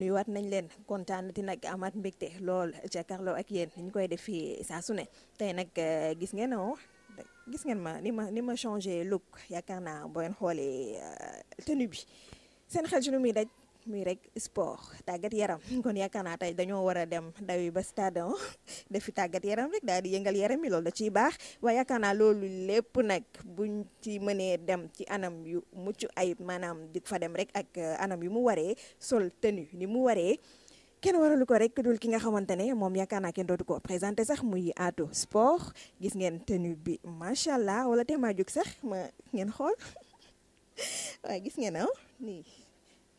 nuyuwaat nañ leen kontaan ti nag amaat mbégte lool jàkkaarloo ak yéen ñu koy def fii saa su ne tey nag euh, gis ngeen o oh, gis ngeen ma ni ma ni ma changé look yaakaar naa boo leen xoolee euh, tenue bi seen xel ci lu daj muy rek sport tagat yaram kon yakana tay tey wara dem dawi ba stade defi tagat yaram rek daal di yengal yaram mi loolu da ci bax waaye yakana lolou lepp nak buñ ci dem ci anam yu muccu ayib manam di fa dem rek ak eh, anam yu mu waré sol tenue ni mu ken ken waralu ko rek dul ki nga xamantene mom yakana ken dotu ko présenter sax muy Sport gis ngeen tenue bi machallah wala te juk sax ma ngeen xol waaye gis ngeen oh? ni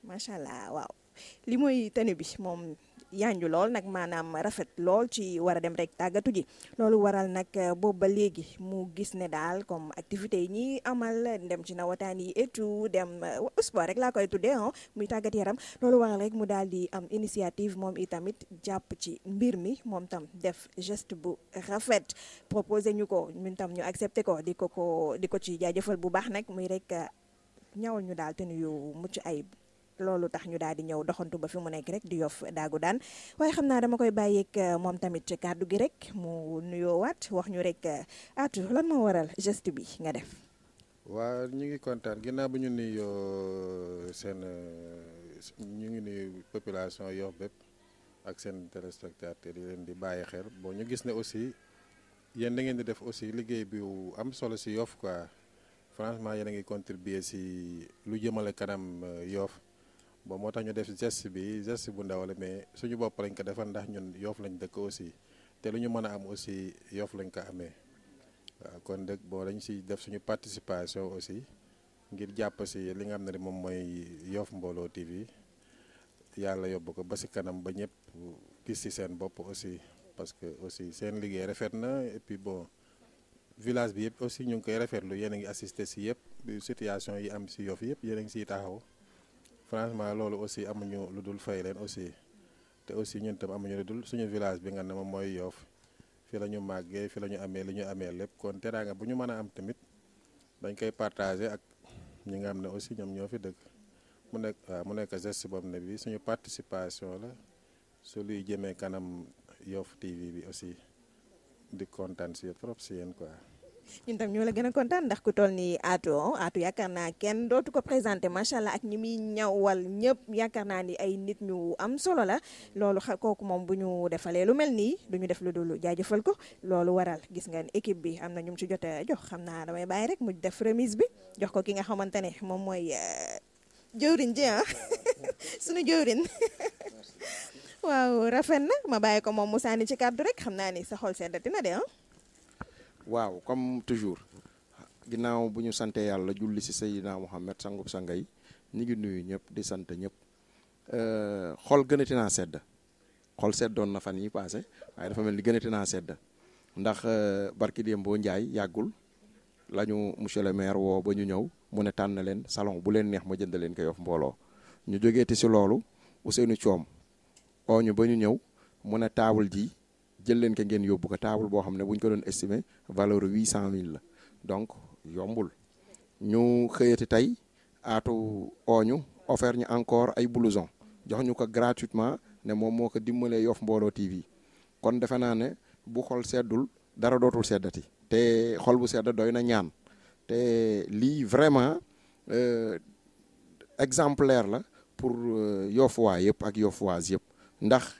macha allah waaw li mooy tenue bi moom yanju lool nag maanaam rafet lool ci war a dem rek tàggatu ji loolu waral nag eh, boobu ba léegi mu gis ne daal comme activité yi ñuy amal dem ci na wataan yi et dem eh, sport rek laa koy tuddee ah muy tàggat yaram loolu waral rek mu daal di am initiative moom itamit jàpp ci mbir mi moom tam def geste bu rafet proposé ñu ko mu tam ñu accepté ko di ko ko di ko ci jaajëfal bu baax nag muy rek eh, ñawal ñu daal te nuyu mucc ayib. loolu tax ñu daal di ñëw doxantu ba fi mu nekk rek di yof daagu daan waaye xam naa dama koy bàyyeeg euh, moom tamit kàddu gi rek mu nuyoowaat wax ñu rek euh, atu lan moo waral geste bi nga def waa ñu ngi kontaan ginnaaw bu ñu nuyoo euh, seen ñu ngi nuyu population yof bépp ak seen téléspectateur yi leen di bàyyi xel bon ñu gis ne aussi yéen da ngeen di def aussi liggéey bi am solo si yof quoi franchement yéen a ngi contribuer si lu jëmale kanam yof bo moo tax ñu def geste bi gest bu ndaw mais suñu bopp lañ ko defal ndax ñun yoof lañ dëkk aussi te lu ñu mën a am aussi yoof lañ ko amee waaw kon dëkk bo dañ si def suñu participation aussi ngir jàpp si li nga xam ne moom mooy Yoff Mbollo TV yàlla yóbbu ko ba si kanam ba ñëpp gis si seen bopp aussi parce que aussi seen liggéey rafet na et bo bon village bi yëpp aussi ñu ngi koy rafetlu yéen a ngi assister si yëpp situation yi am si Yoff yëpp yéen a ngi siy taxaw. franchement loolu aussi amuñu lu dul fay leen aussi te aussi ñun tam amuñu lu suñu village bi nga ne moom mooy Yoff fi la ñu màggee fi la ñu amee li ñu amee lépp kon teraanga bu ñu mën a am tamit dañ koy partager ak ñi nga xam ne aussi ñoom ñoo fi dëkk mu nekk waaw mu nekk geste boobu ne bi suñu participation la su luy jëmee kanam Yoff TV bi aussi di kontaan si trop si yéen quoi. ñun tam ñoo la gën a kontaan ndax ku toll nii Atou Atou yaakaar naa kenn dootu ko présenté macha allah ak ñi muy ñawal ñëpp yaakaar naa ni ay nit ñu am solo la loolu kooku moom bu ñu defalee lu mel nii du ñu def lu dul jaajëfal ko loolu waral gis nga équipe bi am na ñu ci jot a jox xam naa damay bàyyi rek mu def remise bi jox ko ki nga xamante ne moom mooy euh, jëwriñ ji ah. suñu jëwriñ waaw rafet na ma bàyyi ko moom mu sànni ci kàddu rek xam naa ni sa xol seddati na de ah. waaw comme toujours ginnaaw bu ñu sante yàlla julli si Seydina Muhammad sangub sangay ñu ngi nuyu ñëpp di sant ñëpp euh, xol gënati naa sedd xol seddoon na fan yi paase waaye dafa mel ni gënati naa sedd ndax euh, barki démb boo njaay yàggul la ñu monsieur le maire woo ba ñu ñëw mu ne tànn leen salon bu leen neex ma jënd leen ko yof mbooloo ñu jógeeti si loolu Ousseynou Thiom oo ñu ba ñu ñëw mu ne taabal ji jël leen ko ngeen yóbbu ko table boo xam ne bu ko doon estimé valeur huit cent mille la donc yombul ñu xëyati tey aatu ooñu offert ñu encore ay blouson jox ñu ko gratuitement ne moom moo ko dimbalee Yoff Mbollo TV kon defe naa ne bu xol seddul dara dootul seddati te xol bu sedd doy na ñaan te lii vraiment euh, exemplaire la pour euh, Yoffois yëpp ak Yoffoises yëpp ndax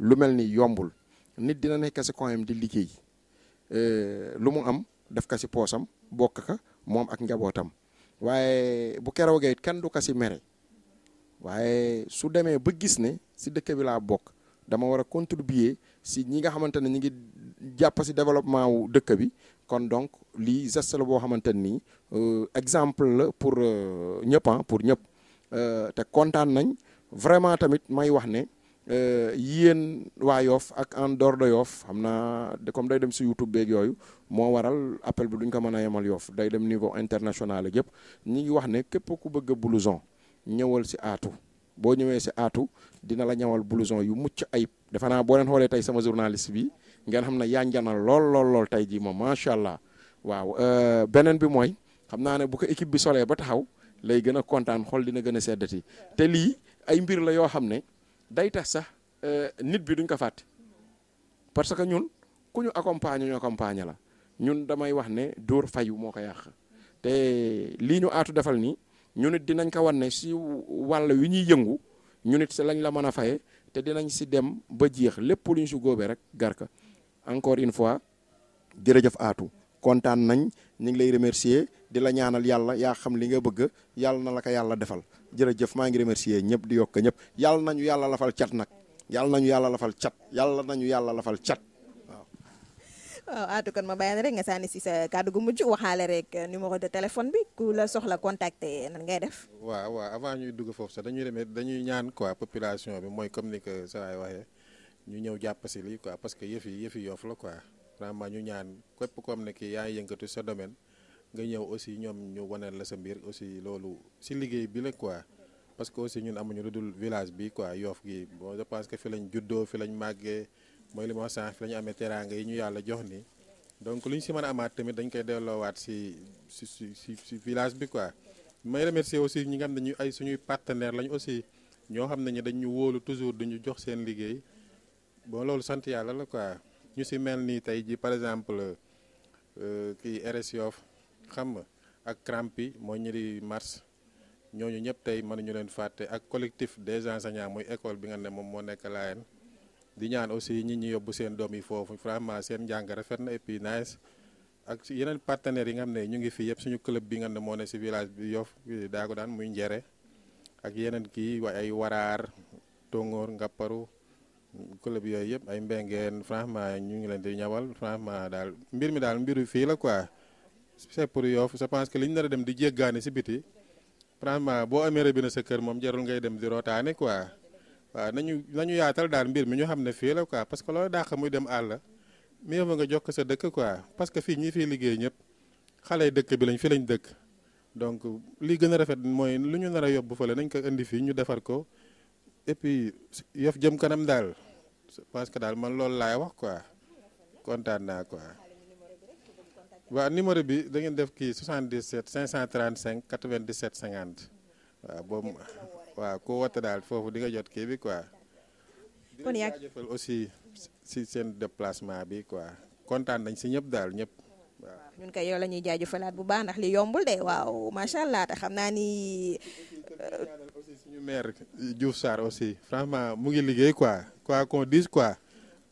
lu mel ni yombul nit dina nekk si coin di liggéey eh, lu mu am def ko si poosam bokk ak njabootam waaye bu it kenn du ko si su ba gis si dëkk bi laa bokk dama a contribuer si ñi nga xamante ngi développement wu dëkk bi kon donc lii geste euh, exemple euh, ah, pour ñëpp pour euh, ñëpp te kontaan nañ vraiment tamit may wax ne Euh, yéen waa Yoff ak en dehors de Yoff xam naa comme day dem si YouTube beeg yooyu moo waral appel bi duñ ko mën a yemal Yoff day dem niveau international ak yëpp ñi ngi wax ne képp ku bëgg a blouson ñëwal si aatu boo ñëwee si aatu dina la ñawal blouson yu mucc ayib defe boo leen xoolee tey sama journaliste bi ngeen xam ne yanjanal lool lool lool tey jii moom macha allah waaw euh, beneen bi mooy xam naa ne bu ko équipe bi solee ba taxaw lay gën a kontaan xool dina gën a seddati te lii ay mbir la yoo xam ne. day tax sax euh, nit bi duñ ko fàtte parce que ñun ku ñu accompagne ñu accompagner la ñun damay wax ne dóor fayu moo ko yàq te lii ñu aatu defal nii ñu nit dinañ ko wan ne si wàll wi ñuy yëngu ñu nit si lañ la mën a faye te dinañ si dem ba jeex lépp lu si góobee rek gar encore une fois jërëjëf aatu kontan nañ ñi ngi lay remercier di la ñaanal yalla ya xam li nga bëgg yalla na la ko yalla defal jërëjëf ma ngi remercier ñëpp di yok ñëpp yalla nañu la fal chat nak yalla nañu la fal chat yalla nañu la fal chat waaw aatu kon ma bayal rek nga sani ci sa kàddu gu mujju waxale rek euh, numéro de téléphone bi ku la soxla contacter nan ngay def waaw waaw avant ñuy dugg fofu sa dañuy remé dañuy ñaan quoi population bi moy comme ni que sa waay waxee ñu ñëw jàpp si lii quoi parce que yëf yi yëf yi la quoi vraiment ñu ñaan képp ko am ne ki yaa yëngatu sa domaine nga ñëw aussi ñoom ñu waneel la sa mbiir aussi loolu si liggéey bi la quoi parce que aussi ñun amuñu lu dul bi quoi yoof gi bon je que fi lañ juddoo fi lañ màggee mooy li ma sànq amee teraanga yi ñu yàlla jox ni donc lu ñu si mën a amaat tamit dañ koy delloowaat si si si si village bi quoi may remercier aussi ñi nga xam ne ñu ay suñuy partenaire lañ aussi ñoo xam ne dañ ñu wóolu toujours du ñu jox seen liggéey bon loolu sant yàlla la quoi ñu si mel ni tey ji par exemple euh, kii ki Yoff xam nga ak Crampi mooy ñëri mars ñooñu ñëpp tey mënuñu leen fàtte ak collectif des enseignants muy école bi nga ne moom moo nekk laayen di ñaan aussi ñi ñi yóbbu seen doom yi foofu vraiment seen njàng rafet na et puis nice ak yeneen partenaires yi nga xam ne ñu ngi fi yëpp suñu club bi nga ne moo ne si village bi yof daago daan muy njere ak yeneen kii ay waraar ngapparu club yooyu yëpp ay mbengeen franchement ñu ngi leen di ñawal franchement daal mbir mi daal mbiru fii la quoi c'est pour Yoff je pense que li ñu nar dem di jéggaani si biti franchement boo amee robinet sa kër moom jarul ngay dem di rootaane na ñu na ñu yaatal daal mbir mi ñu xam ne fii la quoi parce que loolu dàq muy dem àll mieux vaut nga ko sa dëkk quoi parce que fii ñi fii liggéey ñëpp xale dëkk bi lañ fi lañ dëkk donc li gën a rafet mooy lu ñu nar a yóbbu fële nañ ko indi fii ñu defar ko et puis yef jëm kanam dal, parce que dal man lool lay wax quoi contane na quoi wa numéro bi da ngeen def ki 77 535 97 50 waaw boobu waaw ku woote daal foofu di nga jot ki bi quoi aussi déplacement bi quoi kontaan nañ si ñëpp daal ñëpp ñun kay yow la ñuy bu baax ndax li yombul de waaw macha allah te naa ni euh, ñu maire euh, Diouf saar aussi franchement mu ngi liggéey quoi quoi qu'on dise quoi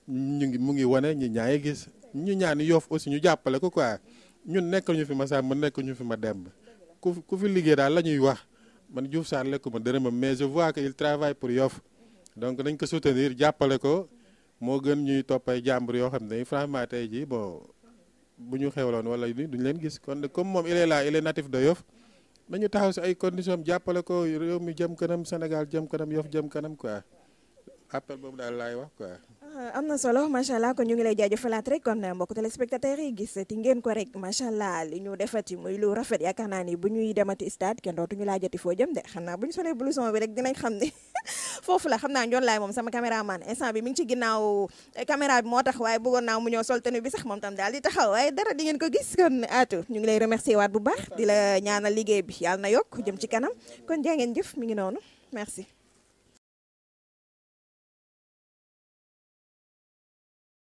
ñu ngi mu ngi wane ñu ñaay gis ñu ñaan yoof aussi ñu jàppale ko quoi ñun nekk ñu fi ma Samba nekk ñu fi ma Demba ku ku fi liggéey daal la ñuy wax man Diouf Sarr lekkuma ma mais je vois que il travail pour Yoff donc nañ ko soutenir jàppale ko moo gën ñuy toppay jàmbur yoo xam ne franchement tey jii bon bu ñu xewloon wala duñ leen gis kon comme moom il est là il est natif de Yoff nañu taxaw si ay conditions jàppale ko réew mi jëm kanam Sénégal jëm kanam yof jëm kanam quoi appel boobu daal laay wax quoi. Ah, am na solo macha allah kon ñu ngi lay jaajëfalaat rek kon eh, mbokk téléspectateurs yi gisati ngeen ko rek macha allah li ñu defati muy lu rafet yaakaar naa ni bu ñuy demati stade kenn dootuñu laajati foo jëm de xam naa bu ñu solee blouson bi rek dinañ xam ne. foofu la xam naa njoon laay moom sama caméraman instant bi mi ngi ci ginnaaw eh, caméra bi moo tax waaye bëggoon naa mu ñëw sol tenue bi sax moom tam daal di taxaw waaye dara di ngeen ko gis kon Atou ñu ngi lay remercier waat bu baax di la ñaanal liggéey bi yàlla na yokk jëm ci kanam kon jaa ngeen jëf mi ngi noonu merci